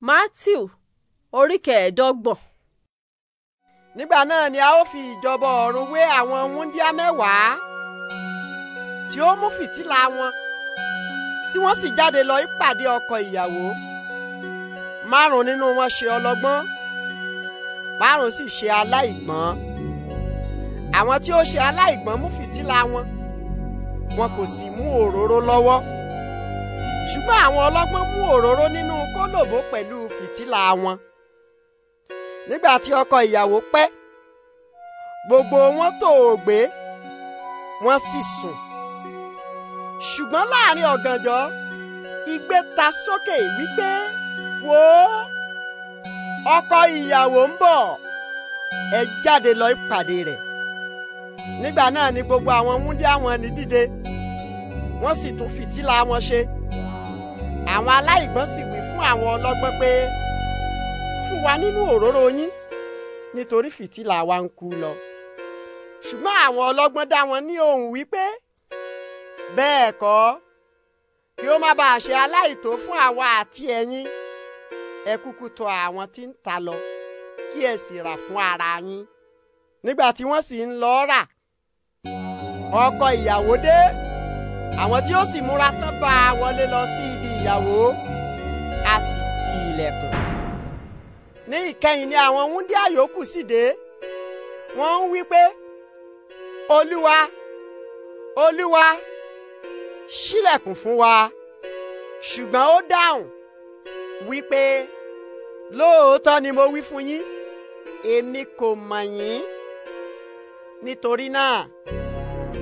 Matthew orí kẹẹ̀ẹ́dọ́gbọ̀n. Nígbà náà ni a ó fi ìjọba ọ̀run wé àwọn wúńdíá mẹ́wàá tí ó mú fìtílà wọn tí wọ́n sì jáde lọ ìpàdé ọkọ ìyàwó. Márùn nínú wọn ṣe ọlọ́gbọ́n, márùn sì ṣe aláìgbọ́n. Àwọn tí ó ṣe aláìgbọ́n mú fìtílà wọn, wọn kò sì mú òróró lọ́wọ́. Ṣùgbọ́n àwọn ọlọ́gbọ́n mú òróró nínú kólòbó pẹ̀lú fìtílà wọn nígbà tí ọkọ ìyàwó pẹ́ gbogbo wọn tó o gbé wọ́n sì sùn ṣùgbọ́n láàrin ọ̀gànjọ́ igbe ta sókè wípé wò ó ọkọ ìyàwó ń bọ̀ ẹ jáde lọ ìpàdé rẹ̀ nígbà náà ni gbogbo àwọn wúndíá wọn ní dìde wọ́n sì tún fìtílà wọn ṣe àwọn aláìgbọ́n sì wí fún àwọn ọlọ́gbọ́n pé fún wa nínú òróró yín nítorí fìtílà wa ń kú lọ ṣùgbọ́n àwọn ọlọ́gbọ́n dá wọn ní ohùn wípé bẹ́ẹ̀ kọ́ kí ó má bàa ṣe aláìtó fún àwa àti ẹ̀yin ẹ kúkú tọ àwọn tí ń ta lọ kí ẹ sì rà fún ara yín nígbà tí wọ́n sì ń lọ rà ọkọ ìyàwó dé àwọn tí ó sì múra tán bá a wọlé lọ sí ibi ìyàwó ilẹ̀kùn. ní ìkẹyìn ni àwọn wúndíá yòókù sì dé wọ́n ń wí pé olúwa olúwa ṣílẹ̀kùn fún wa ṣùgbọ́n ó dáhùn wí pé lóòótọ́ ni mo wí fún yín èmi kò mọ̀ yín nítorí náà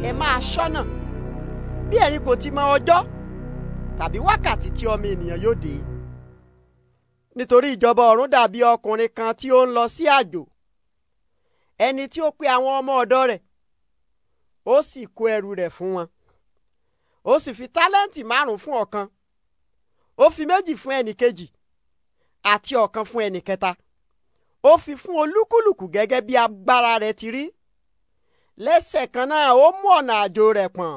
ẹ máa ṣọ́nà bí ẹ̀yin kò ti mọ ọjọ́ tàbí wákàtí tí ọmọ ènìyàn yóò dé. nítorí ìjọba ọ̀run dàbí ọkùnrin kan tí ó ń lọ sí àjò ẹni tí ó pe àwọn ọmọ ọ̀dọ̀ rẹ̀ ó sì kó ẹrù rẹ̀ fún wọn ó sì fi tálẹ́ǹtì márùn-ún fún ọ̀kan ó fi méjì fún ẹnì kejì àti ọ̀kan fún ẹnì kẹta ó fi fún olúkúlùkù gẹ́gẹ́ bí agbára rẹ̀ ti rí lẹ́sẹ̀ kan náà ó mú ọ̀nà àjò rẹ̀ pọ̀n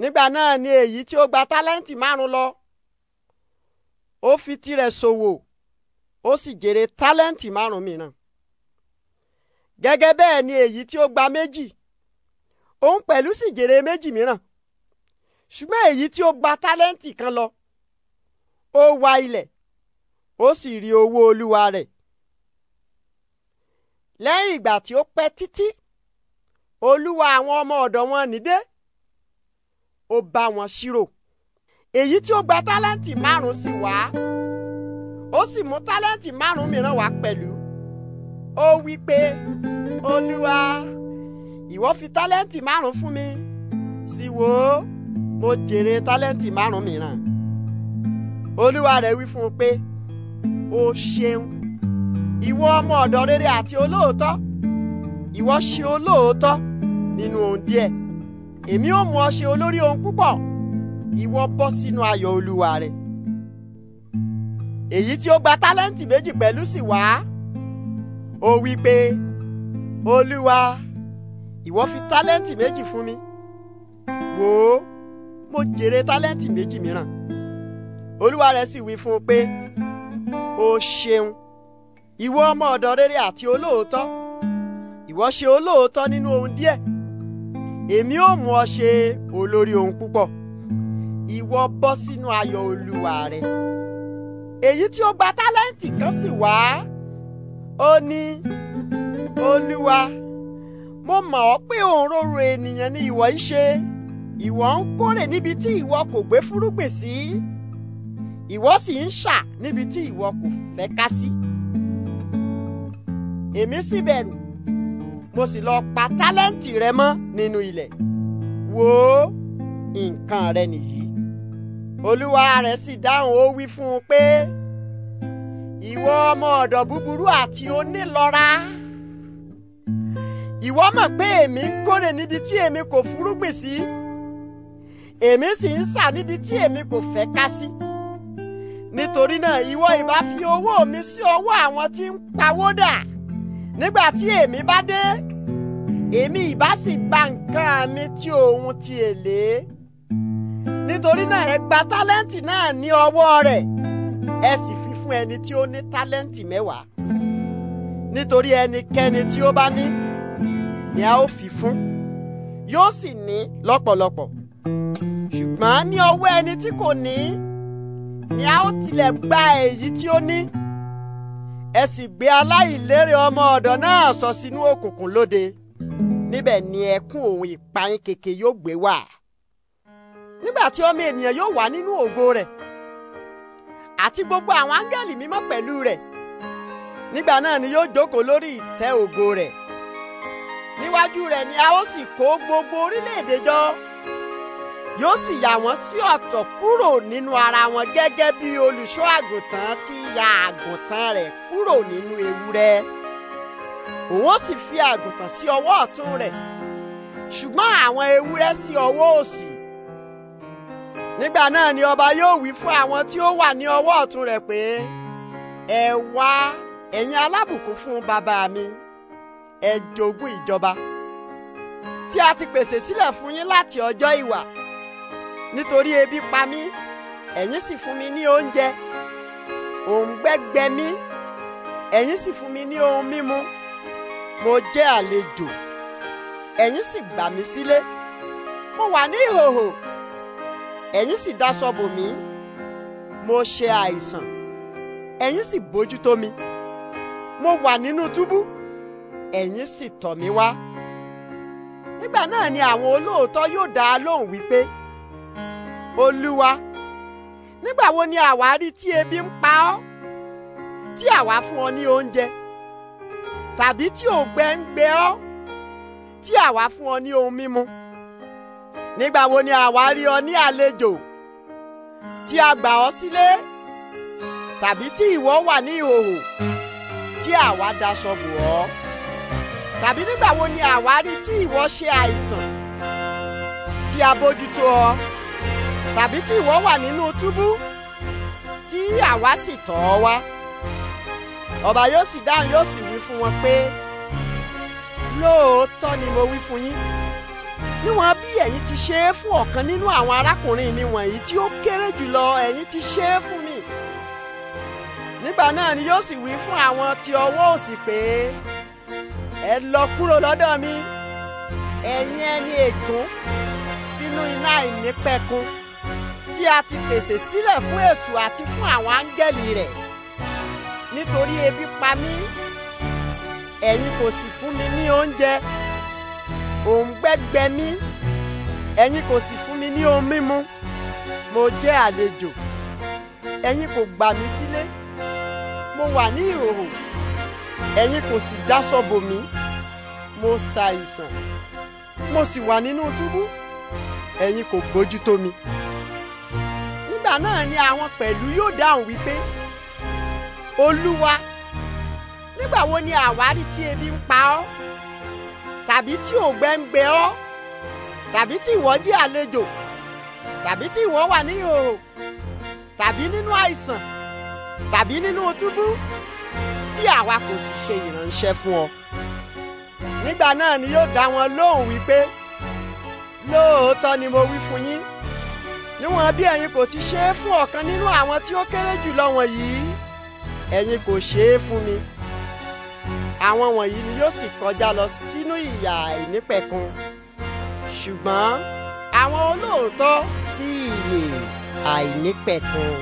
nígbà náà ni èyí tí ó gba tálẹ́ǹtì márùn-ún lọ ó fi tirẹ̀ ṣòwò ó sì jèrè tálẹ́ǹtì márùn-ún mìíràn gẹ́gẹ́ bẹ́ẹ̀ ni èyí tí ó gba méjì òun pẹ̀lú sì jèrè méjì mìíràn ṣùgbọ́n èyí tí ó gba tálẹ́ǹtì kan lọ ó wa ilẹ̀ ó sì rí owó olúwa rẹ̀ lẹ́yìn ìgbà tí ó pẹ́ títí olúwa àwọn ọmọ ọ̀dọ̀ wọn nìdé ó bá wọn ṣírò èyí tí ó gba tálẹ́ǹtì márùn-ún sì wá ó sì mú tálẹ́ǹtì márùn-ún mìíràn wá pẹ̀lú ó wí pé olúwa ìwọ fi tálẹ́ǹtì márùn-ún fún mi sì wò ó mo jèrè tálẹ́ǹtì márùn-ún mìíràn olúwa rẹ̀ wí fún un pé o ṣeun ìwọ ọmọ ọ̀dọ̀ rere àti olóòótọ́ ìwọ ṣe olóòótọ́ nínú ohun díẹ̀ èmi ó mú ọ ṣe olórí ohun púpọ̀ ìwọ bọ́ sínú ayọ̀ olúwa rẹ èyí tí ó gba tálẹ́ǹtì méjì pẹ̀lú sì wá ó wí pé olúwa ìwọ fi tálẹ́ǹtì méjì fún mi wò ó mo jèrè tálẹ́ǹtì méjì mìíràn olúwa rẹ̀ sì wí fún un pé o ṣeun ìwọ ọmọ ọ̀dọ̀ rere àti olóòótọ́ ìwọ ṣe olóòótọ́ nínú ohun díẹ̀ èmi ó mú ọ ṣe olórí ohun púpọ̀ ìwọ bọ́ sínú ayọ̀ olúwa rẹ èyí tí ó gba tálẹ́ǹtì kan sì wá ó ní olúwa mo mọ̀ ọ́ pé òun rorò ènìyàn ni ìwọ ń ṣe ìwọ ń kórè níbi tí ìwọ kò gbé fúrúgbìn sí ìwọ sì ń ṣà níbi tí ìwọ kò fẹ́ ká sí èmi sì bẹ̀rù mo sì lọ pa tálẹ́ǹtì rẹ mọ́ nínú ilẹ̀ wò nǹkan rẹ nìyí olúwa rẹ̀ sì dáhùn ó wí fún un pé ìwọ ọmọ ọ̀dọ̀ búburú àti onílọ́ra ìwọ mọ̀ pé èmi ń kórè níbi tí èmi kò fúrúgbìn sí èmi sì ń sà níbi tí èmi kò fẹ́ ká sí nítorí náà ìwọ ìbá fi owó mi sí ọwọ́ àwọn tí ń pawó dà nígbà tí èmi bá dé èmi ìbá sì gba nǹkan mi tí òun ti èlé. E nítorí náà ẹ gba tálẹ́ǹtì náà ní ọwọ́ rẹ̀ ẹ sì fi fún ẹni tí ó ní tálẹ́ǹtì mẹ́wàá nítorí ẹnikẹ́ni tí ó bá ní ni a ó fi fún yóò sì ní lọ́pọ̀lọpọ̀ ṣùgbọ́n ní ọwọ́ ẹni tí kò ní ni a ó tilẹ̀ gba èyí tí ó ní ẹ sì gbé aláìlérè ọmọ ọ̀dọ̀ náà sọ sínú òkùnkùn lóde níbẹ̀ ni ẹkún òun ìpayín keke yóò gbé wà nígbà tí ọmọ ènìyàn yóò wà nínú ògo rẹ̀ àti gbogbo àwọn áńgẹ́lì mímọ́ pẹ̀lú rẹ̀ nígbà náà ni yóò jókòó lórí ìtẹ́ ògo rẹ̀ níwájú rẹ̀ ni a ó sì kó gbogbo orílẹ̀-èdè jọ yóò sì yà wọ́n sí ọ̀tọ̀ kúrò nínú ara wọn gẹ́gẹ́ bí olùṣọ́ àgùntàn ti ya àgùntàn rẹ̀ kúrò nínú ewúrẹ́ òun ó sì fi àgùntàn sí ọwọ́ ọ̀tún rẹ̀ ṣùgbọ́n àwọn ewúrẹ́ sí ọwọ́ òsì nígbà náà ni ọba yóò wí fún àwọn tí ó wà ní ọwọ́ ọ̀tún rẹ̀ pé ẹ wá ẹ̀yin alábùkún fún bàbá mi ẹ jogún ìjọba tí a ti pèsè sílẹ̀ fún yín láti ọjọ́ ìwà nítorí ebi pa mí ẹ̀yin sì fún mi ní oúnjẹ òǹgbẹ gbẹ mí ẹ̀yin sì fún mi ní ohun mímu mo jẹ́ àlejò ẹ̀yin sì gbà mí sílé mo wà ní ìhòhò ẹ̀yin sì daṣọ bò mí mo ṣe àìsàn ẹ̀yin sì bójútó mi mo wà nínú túbú ẹ̀yin sì tọ̀ mí wá nígbà náà ni àwọn olóòótọ́ yóò dá a lóhùn wípé olúwa nígbà wo ni àwa rí tí ebi ń pa ọ́ tí àwa fún ọ ní oúnjẹ tàbí tí òǹgbẹ ń gbẹ ọ́ tí àwa fún ọ ní ohun mímu nígbà wo ni àwa rí ọ ní àlejò tí a gbà ọ sílé tàbí tí ìwọ wà ní ìhòhò tí àwa daṣọ bò ọ́ tàbí nígbà wo ni àwa rí tí ìwọ ṣe àìsàn tí a bójútó ọ tàbí tí ìwọ wà nínú túbú tí àwa sì tọ̀ ọ́ wá ọba yóò sì dáhùn yóò sì wí fún wọn pé lóòótọ́ ni mo wí fún yín níwọ̀n bí ẹ̀yin ti ṣe é fún ọ̀kan nínú àwọn arákùnrin mi wọ̀nyí tí ó kéré jùlọ ẹ̀yin ti ṣe é fún mi. nígbà náà ni yóò sì wí fún àwọn ti ọwọ́ òsì pé ẹ lọ kúrò lọ́dọ̀ mi ẹ̀yin ẹni ègún sínú iná ìnípẹ̀kun tí a ti pèsè sílẹ̀ fún èṣù àti fún àwọn áńgẹ́lì rẹ̀ nítorí ebi pa mí ẹ̀yin kò sì fún mi ní oúnjẹ òǹgbẹ́ gbẹ mí ẹ̀yin kò sì fún mi ní ohun mímu mo jẹ́ àlejò ẹ̀yin kò gbà mí sílé mo wà ní ìhòòhò ẹ̀yin kò sì dáṣọ bò mí mo ṣàìsàn mo sì wà nínú túbú ẹ̀yin kò gbójú tó mi nígbà náà ni àwọn pẹ̀lú yóò dáhùn wípé olúwa nígbà wo ni àwárí tí ebi ń pa ọ́ tàbí tí òǹgbẹ ń gbẹ ọ́ tàbí tí ìwọ jẹ́ àlejò tàbí tí ìwọ wà ní ìhòòhò tàbí nínú àìsàn tàbí nínú túbú tí àwa kò sì ṣe ìránṣẹ́ fún ọ. nígbà náà ni yóò dá wọn lóhùn wípé lóòótọ́ ni mo wí fún yín níwọ̀n bí ẹ̀yin kò ti ṣe é fún ọ̀kan nínú àwọn tí ó kéré jùlọ wọ̀nyí ẹ̀yin kò ṣe é fún mi àwọn wọ̀nyí ni yóò sì kọjá lọ sínú ìyà àìnípẹ̀kun ṣùgbọ́n àwọn olóòótọ́ sí ìyè àìnípẹ̀kun.